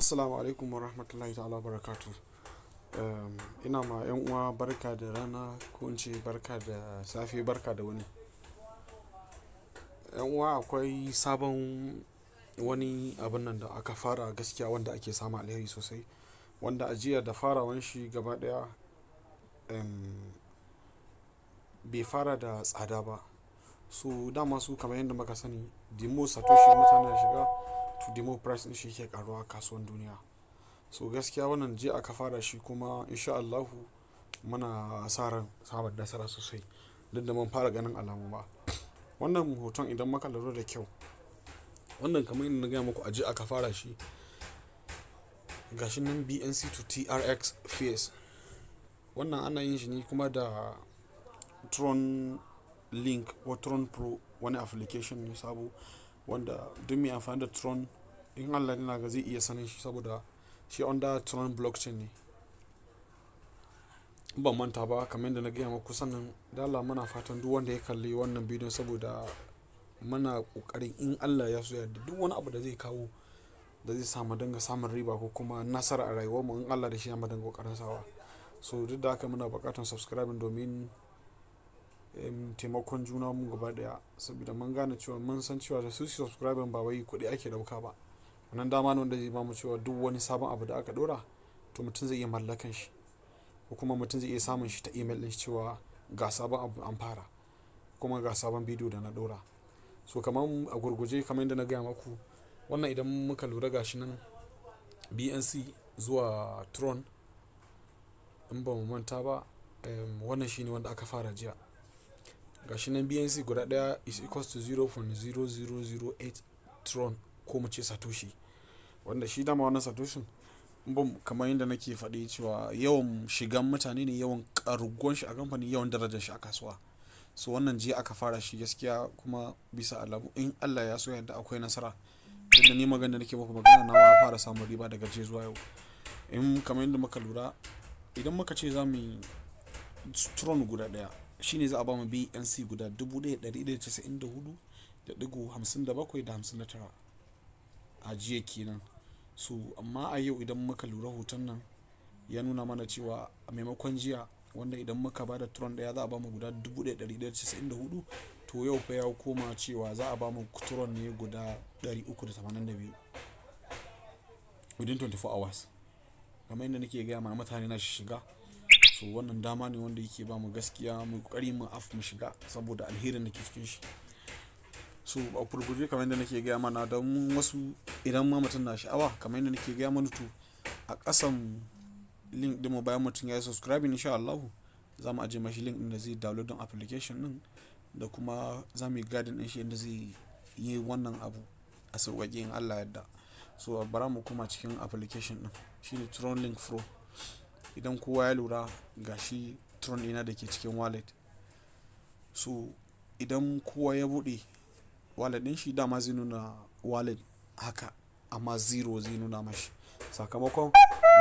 assalamu alaikum wa rahmatullahi ta'ala barakatu ehm, ina ma yan uwa barka da rana ko in ce barka da safe barka da wani yan uwa akwai sabon wani abin nan da aka fara gaskiya wanda ake samu alheri sosai wanda ajiya da farawan shi gaba daya ehm, bai fara da tsada ba so dama su kamar yadda muka sani dimo satoshi mutane shiga to democracy din shi yake karuwa kasuwan duniya so gaskiya wannan je aka fara shi kuma insha Allahu muna sa ran samun nasara sosai duk da mun fara ganin alamu ba wannan hoton idan muka lura da kyau wannan kamar yadda na gaya muku aje aka fara shi gashi nan bnc to trx face wannan ana yin shi ne kuma da tron link ko tron pro wani application ne sabo wanda duk mai amfani da tron in allah ne ga zai iya sanin shi saboda shi under tron blockchain ne ban manta ba kamar da na gaya maku sannan dala muna fatan duk wanda ya kalli wannan bidiyon saboda muna kokarin in allah ya so yadda duk wani abu da zai kawo da zai samu danga samun riba ko kuma nasara a rayuwar mu in allah da shi ya dinga kokarin sawa so duk da haka muna bukatan subscribing domin taimakon juna mu gaba daya saboda mun gane cewa mun san cewa da su subscribing ba wai kuɗi ake dauka ba wannan dama ne wanda zai ba mu cewa duk wani sabon abu da aka dora to mutum zai iya mallakan shi ko kuma mutum zai iya samun shi ta email din cewa ga sabon abu an fara kuma ga sabon bidiyo da na dora so kamar a gurguje kamar yadda na gaya maku wannan idan muka lura gashi nan bnc zuwa tron in ba mu manta ba wannan shine wanda aka fara jiya gashi nan bnc guda daya is equals to 0.0008 tron ko mu ce satoshi wanda shi dama wannan satoshin kamar yadda nake faɗi cewa yawan shigan mutane ne yawan karuguwan shi a kamfani yawan darajar shi a kasuwa so wannan jiya aka fara shi gaskiya kuma bisa alamu in Allah ya so yadda akwai nasara tunda ni magana nake muku magana na fara samun riba daga je zuwa yau in kamar yadda muka lura idan muka ce za mu yi strong guda daya shine za a ba mu bnc guda 1194 da 57 da 59 a kenan so amma a yau idan muka lura hoton nan ya nuna mana cewa a maimakon jiya wanda idan muka da turon daya za a bamu guda 1194 to yau fa ya koma cewa za a bamu turon ne guda 382 within 24 hours kamar inda nake gaya mana mutane na shiga so wannan dama ne wanda yake bamu gaskiya mu kokari mu af mu shiga saboda alherin da ke cikin shi so a furguje kamar yadda nake gaya mana don wasu idan ma mutum na sha'awa kamar yadda nake gaya mana to a kasan link din mu bayan mutum ya yi subscribing insha Allah za mu aje mashi link din da zai download din application din da kuma za mu yi gadin din shi yadda zai yi wannan abu a sauƙaƙe in Allah yadda so bara mu kuma cikin application din shine Tron Link Pro idan kowa ya lura ga shi Tron ina da ke cikin wallet so idan kowa ya buɗe wallet din shi dama zai nuna wallet haka amma zero zai nuna mashi sakamakon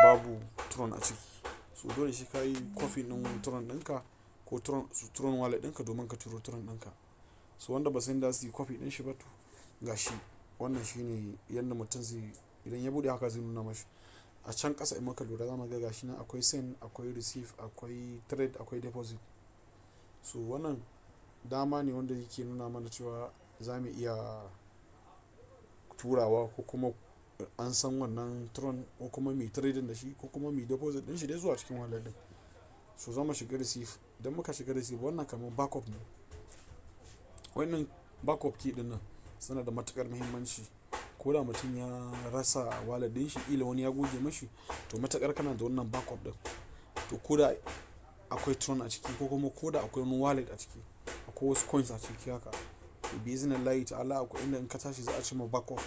babu tron a ciki so dole shi ka yi kofi din tron ɗinka ko tron wallet ɗinka domin ka turo tron ɗinka so wanda ba san da su yi kofi ɗin shi ba to gashi wannan shi ne yadda mutum zai idan ya bude haka zai nuna mashi a can kasa in maka lura zama ga gashi nan akwai send akwai receive akwai trade akwai deposit so wannan dama ne wanda yake nuna mana cewa za mu iya turawa ko kuma an san wannan tron ko kuma mai trading da shi ko kuma mai deposit din shi dai zuwa cikin wallet din so zama shiga receive idan muka shiga receive wannan kamar backup ne wannan backup key din nan suna da matukar muhimmanci ko da mutum ya rasa wallet din shi ila wani ya goge mashi to matakar kana da wannan backup din to ko da akwai tron a ciki ko kuma ko da akwai wani wallet a ciki akwai wasu coins a ciki haka bi zina layi ta'ala ko inda in ka tashi za a ci ma bako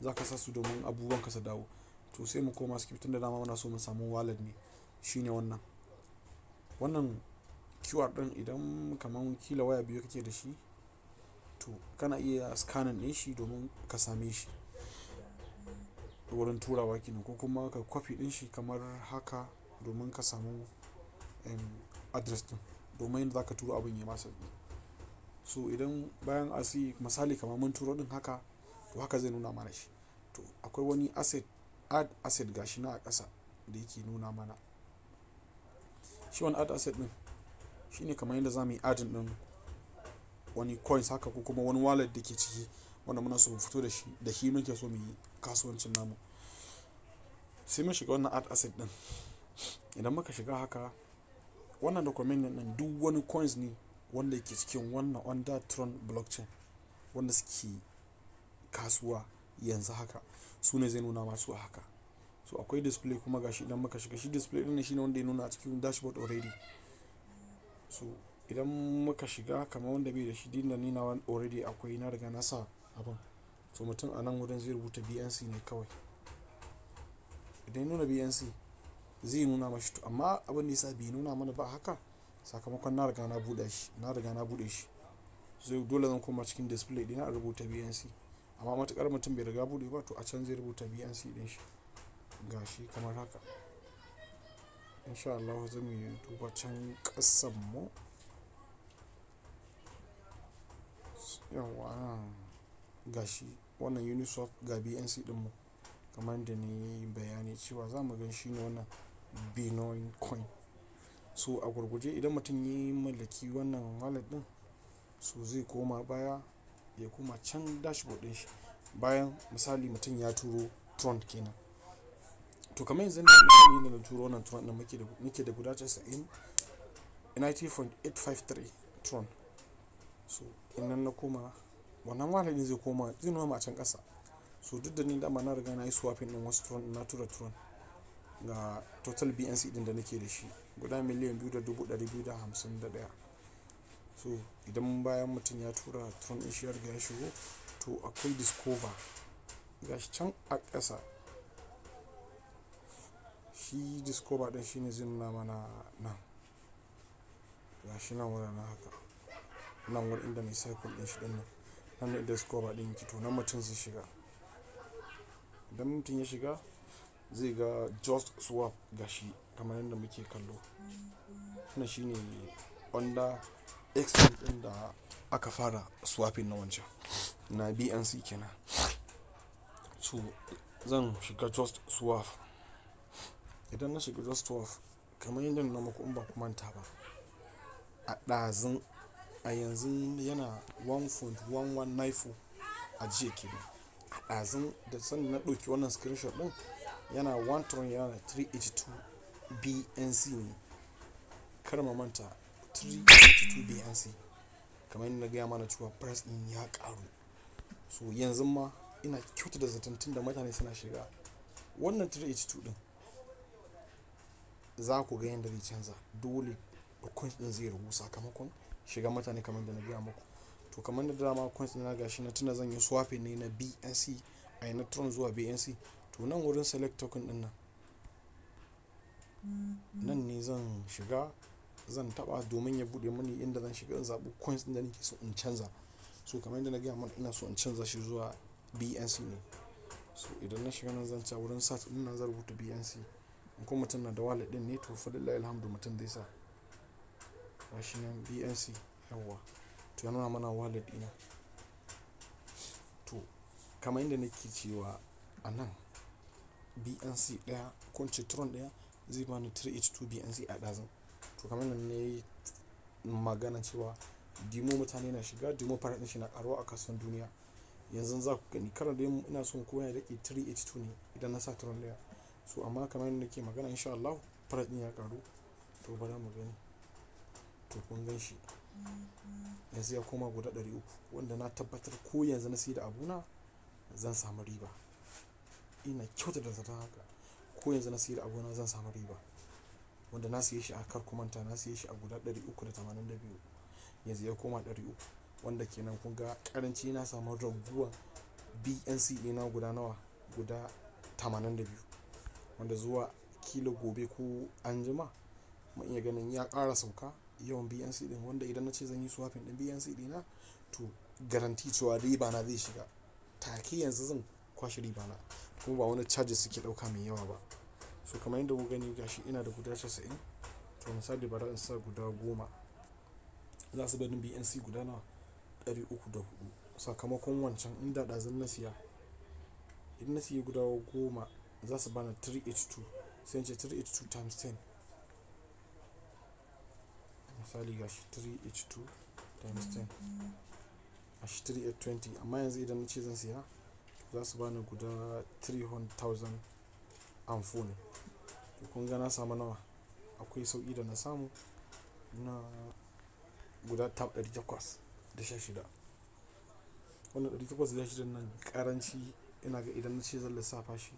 za ka sa su domin abubuwan ka su dawo to sai mu koma skip tun da dama muna so mu samu wallet ne shine wannan wannan QR din idan kamar kila waya biyu kake da shi to kana iya scanning din shi domin ka same shi wurin turawa kenan ko kuma ka kwafi din shi kamar haka domin ka samu adres din domin za ka turo abin ya masa so idan bayan asi misali kamar mun turo din haka to haka zai nuna mana shi to akwai wani asset add asset gashi na a ƙasa da yake nuna mana shi wani add asset din shine kamar yadda za mu yi adin din wani coins haka ko kuma wani wallet da ke ciki wanda muna so mu fito da shi da shi muke so mu yi kasuwancin namu sai mun shiga wannan add asset din idan muka shiga haka wannan document din duk wani coins ne wanda ke cikin wannan undertron blockchain wanda suke kasuwa yanzu haka su ne zai nuna masu a haka so akwai display kuma gashi idan muka shiga shi display din shine wanda ya nuna a cikin dashboard already so idan muka shiga kamar wanda bai da shi dinda nuna already akwai na riga na sa abin so mutum a nan wurin zai rubuta bnc ne kawai idan ya nuna bnc zai nuna mashi to amma abin da yasa bai nuna mana ba haka sakamakon na riga na bude shi na riga na bude shi zai dole zan koma cikin display din a rubuta bnc amma matukar mutum bai riga bude ba to a can rubuta bnc din shi gashi kamar haka insha Allah zan yi duba can kasan mu yawa gashi wannan unisoft ga bnc din mu kamar da ni bayani cewa za mu gan shi ne wannan binoin coin so a gurguje idan mutum ya mallaki wannan wallet din so zai koma baya ya koma can dashboard din shi bayan misali mutum ya turo tron kenan to kamar yanzu ne mutum ne da turo wannan tron din muke da guda 90.853 tron so inan na koma wannan wallet din zai koma zai noma a can kasa so duk da ni dama na riga na yi swapping din wasu tron na tura tron ga total bnc din da nake da shi guda miliyan biyu da dubu ɗari biyu da hamsin da ɗaya so idan bayan mutum ya tura tron ɗin shi ya ya shigo to akwai discover shi can a ƙasa shi discover ɗin shine zai nuna mana nan ga shi nan wurin na haka nan wurin inda ne cycle ɗin shi ɗin nan nan ne discover ɗin ki to nan mutum zai shiga idan mutum ya shiga zai ga just swap gashi kamar yadda muke kallo wannan shine wanda extreme din da aka fara swapping na wancan na bnc kenan so zan shiga just swap idan na shiga just swap kamar yadda na muku in ba ku manta ba a ɗazin a yanzu yana 1.1194 a jiya kenan a ɗazin da sannan na ɗauki wannan screenshot ɗin yana 1.382 yana bnc ne kar ma manta 382 bnc kamar yadda na gaya mana cewa price din ya karu so yanzu ma ina kyauta da zaton tun da mutane suna shiga wannan 382 din za ku ga yadda zai canza dole coins din zai ragu sakamakon shiga mutane kamar da na gaya muku to kamar da dama coins na gashi na tuna zan yi swap ne na bnc a na tron zuwa bnc to nan wurin select token din nan nan ne zan shiga zan taba domin ya bude mani inda zan shiga in zaɓi coins din da nake so in canza so kamar yadda na gaya mana ina so in canza shi zuwa bnc ne so idan na shiga nan zan ca wurin sat din nan zan rubuta bnc in kuma mutum na da wallet din ne to fa lillahi alhamdu mutum zai sa gashi nan bnc yawa to ya nuna mana wallet ina to kamar yadda nake cewa a bnc daya ko citron daya zai bani ni h 2 an a ɗazin to kamar nan ne magana cewa dimo mutane na shiga dimo farashin shi na karuwa a kasuwan duniya yanzu za ku gani karar da ina son kowa ya dake 382 ne idan na sa turon layer so amma kamar yadda ke magana insha Allah farashin ya karu to za mu gani to kun shi yanzu ya koma guda 300 wanda na tabbatar ko yanzu na sai da abuna zan samu riba ina kyauta da zata haka ko yanzu na sayar abu na zan samu riba wanda na siye shi a kar kumanta na siye shi a guda 382 yanzu ya koma 300 wanda kenan kun ga karanci na samu raguwa bnc na guda nawa guda 82 wanda zuwa kilo gobe ko an jima iya ganin ya kara sauka yawan bnc din wanda idan na ce zan yi swapping din bnc dina to garanti cewa riba na zai shiga take yanzu zan kwashe riba na kuma ba wani charges suke ɗauka mai yawa ba so kamar yadda ku gani gashi ina da guda 90 to misali bari in sa guda 10 za su bani bnc guda na 304 sakamakon wancan inda ɗazin na siya in na siya guda 10 za su bana 382 sai ce 382 times 10 misali gashi 382 times 10 gashi 3820 amma yanzu idan na ce zan siya za su bani guda 300,000 amfoni to kun ga na samu nawa akwai sauki da na samu na guda tab shashida wannan 816 nan karanci ina ga idan na ce zan lissafa shi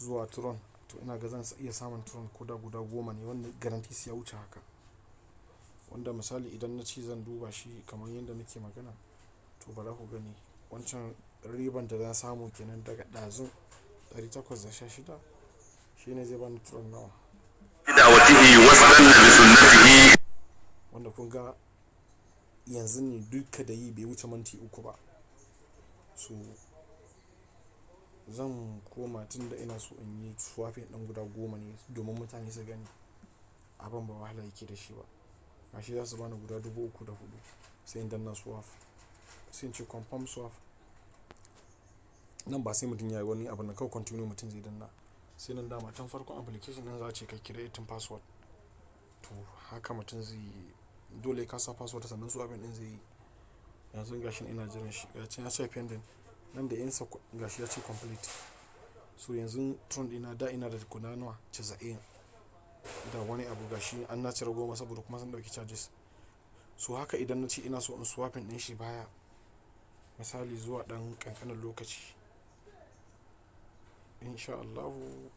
zuwa turon to ina ga zan iya samun turon ko da guda goma ne wanda garantis ya wuce haka wanda misali idan na ce zan duba shi kamar yadda nake magana to ba za ku gani wancan riban da na samu kenan daga ɗazun shashida. shine zai bani tsoron nawa wanda kun ga yanzu ne duka da yi bai wuce minti uku ba so zan koma tun da ina so in yi swafe dan guda goma ne domin mutane su gani abin ba wahala yake da shi ba shi za su bani guda dubu uku da hudu sai in danna swaf sai in ce confirm swaf nan ba sai mutum ya yi wani abu na kawai continue mutum zai danna sai nan dama can farkon application din za a ce ka creating password to haka mutum zai dole ka sa password sannan su abin din zai yi yanzu gashin ina jiran shi gashin ya ce pending nan da sa gashi ya ce complete so yanzu tron dina da ina da guda nawa da wani abu gashi an na cire goma saboda kuma sun dauki charges so haka idan na ce ina so in swapping din shi baya misali zuwa dan kankanin lokaci insha Allahu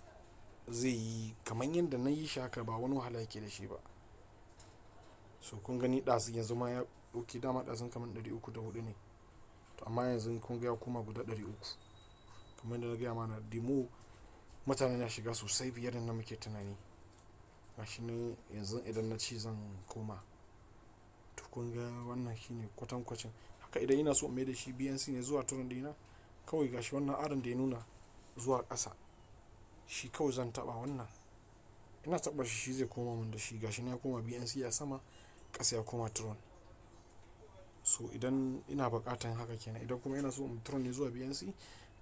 zai yi kamar yadda na yi shaka ba wani wahala yake da shi ba so kun gani ɗasu yanzu ma ya ɗauki dama ɗasun kamar hudu ne to amma yanzu kun ga ya koma guda uku kamar yadda na gaya mana dimo mutane na shiga sosai biyar na muke tunani gashi ne yanzu idan na ci zan koma to kun ga wannan shine kwatankwacin haka idan ina so mai da shi bnc ne zuwa turin dina kawai gashi wannan aron da ya nuna zuwa ƙasa shi kawai zan taɓa wannan ina taɓa shi shi zai koma min da shi gashi na koma bnc a sama ƙasa ya koma tron so idan ina buƙatan haka kenan idan kuma ina so in tron ne zuwa bnc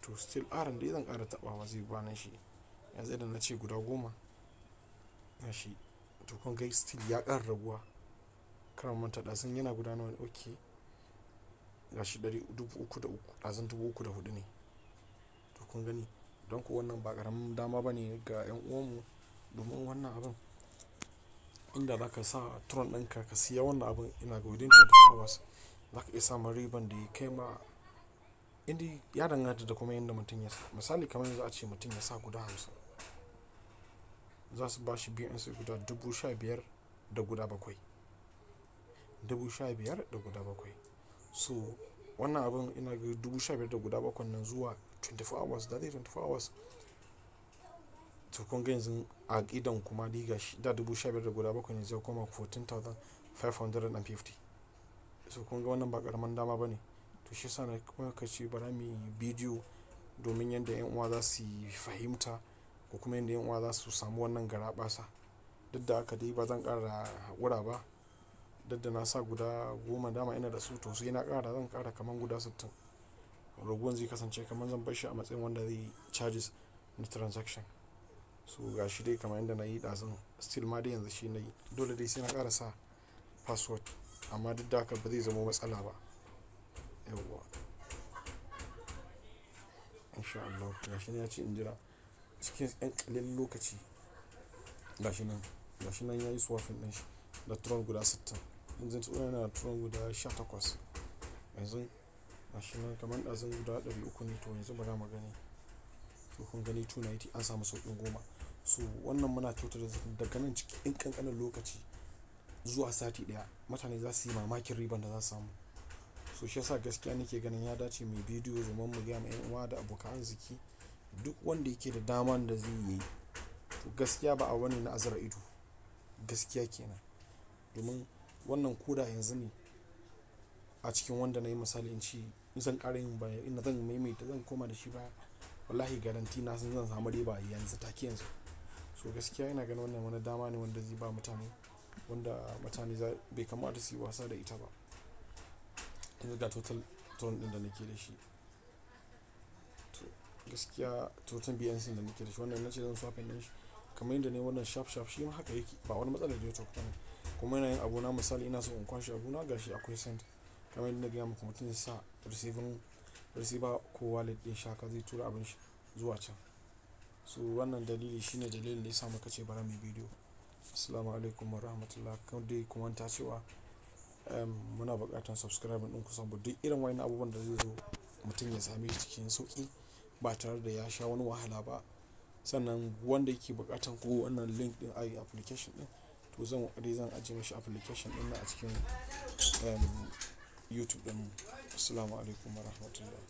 to still aran da zan ƙara taɓawa zai bani shi yanzu idan na ce guda goma shi, to kun gai still ya ƙara raguwa karan manta sun yana guda nawa ok gashi ɗari dubu uku da uku ɗazin dubu uku da hudu ne to kun gani don ku wannan ba ƙaramin dama ba ne ga 'yan uwanmu domin wannan abin inda za ka sa turon ɗinka ka siya wannan abin ina ga within da kawas za ka iya samun riban da ya kai ma inda ya danganta da kuma yadda mutum ya sa misali kamar yanzu a ce mutum ya sa guda hamsin za su ba shi biyan su guda dubu sha biyar da guda bakwai dubu sha biyar da guda bakwai so wannan abin ina ga dubu sha biyar da guda bakwai nan zuwa 24 hours da zai 24 hours to kun yanzu a gidan kuma diga da dubu sha biyar da guda bakwai ne zai koma 14,550 so kunga wannan ba karaman dama ba ne to shi sa na kuma ka ce bara mu bidiyo domin yadda yan uwa za su fahimta ko kuma yadda yan uwa za su samu wannan garabasa duk da aka dai ba zan kara wura ba duk da na sa guda goma dama ina da su to su na kara zan kara kaman guda sittin raguwan zai kasance kamar zan bar shi a matsayin wanda zai charges na transaction so ga shi dai kamar yadda na yi ɗazun still ma dai yanzu shi na yi dole dai sai na ƙara sa password amma duk da haka ba zai zama matsala ba yawwa insha Allah ga shi ya ce in jira cikin yan ƙalin lokaci ga shi nan ga shi nan ya yi swafin ɗin shi da tron guda 60 yanzu tsoron yana da tron guda 18 yanzu gashi nan kamar guda ɗari uku ne to yanzu bara mu to kun gani 290 an samu sauƙin goma so wannan muna kyautar daga nan cikin ƙanƙanin lokaci zuwa sati ɗaya mutane za su yi mamakin riban da za su samu so shi yasa gaskiya nake ganin ya dace mai bidiyo zaman mu gaya ma yan uwa da abokan arziki duk wanda yake da daman da zai yi to gaskiya ba a wani na azara ido gaskiya kenan domin wannan koda yanzu ne a cikin wanda na yi misali in ci in zan ƙara yin bayan ina zan maimaita zan koma da shi baya wallahi garanti na san zan samu riba yanzu take yanzu so gaskiya ina ganin wannan wani dama ne wanda zai ba mutane wanda mutane bai kamata su yi wasa da ita ba yanzu ga total ton din da nake da shi to gaskiya total bnc da nake da shi wannan nace zan swap din shi kamar yadda ne wannan sharp sharp shi ma haka yake ba wani matsala da youtube kuma yana yin abu na misali ina so in kwashe abuna gashi akwai cent kamar yadda na gaya muku mutum ya sa receiver ko wallet din shaka zai tura abin zuwa can su wannan dalili shine dalilin da ya samu kace ce bara mu bidiyo assalamu alaikum warahmatullah kan dai kuma ta cewa muna buƙatar subscribe din ku saboda duk irin wani abubuwan da zai zo mutum ya same shi cikin sauki ba tare da ya sha wani wahala ba sannan wanda yake buƙatar ko wannan link din ai application din to zan ƙoƙari zan ajiye mishi application din a cikin youtube ɗin assalamu alaikum rahmatullah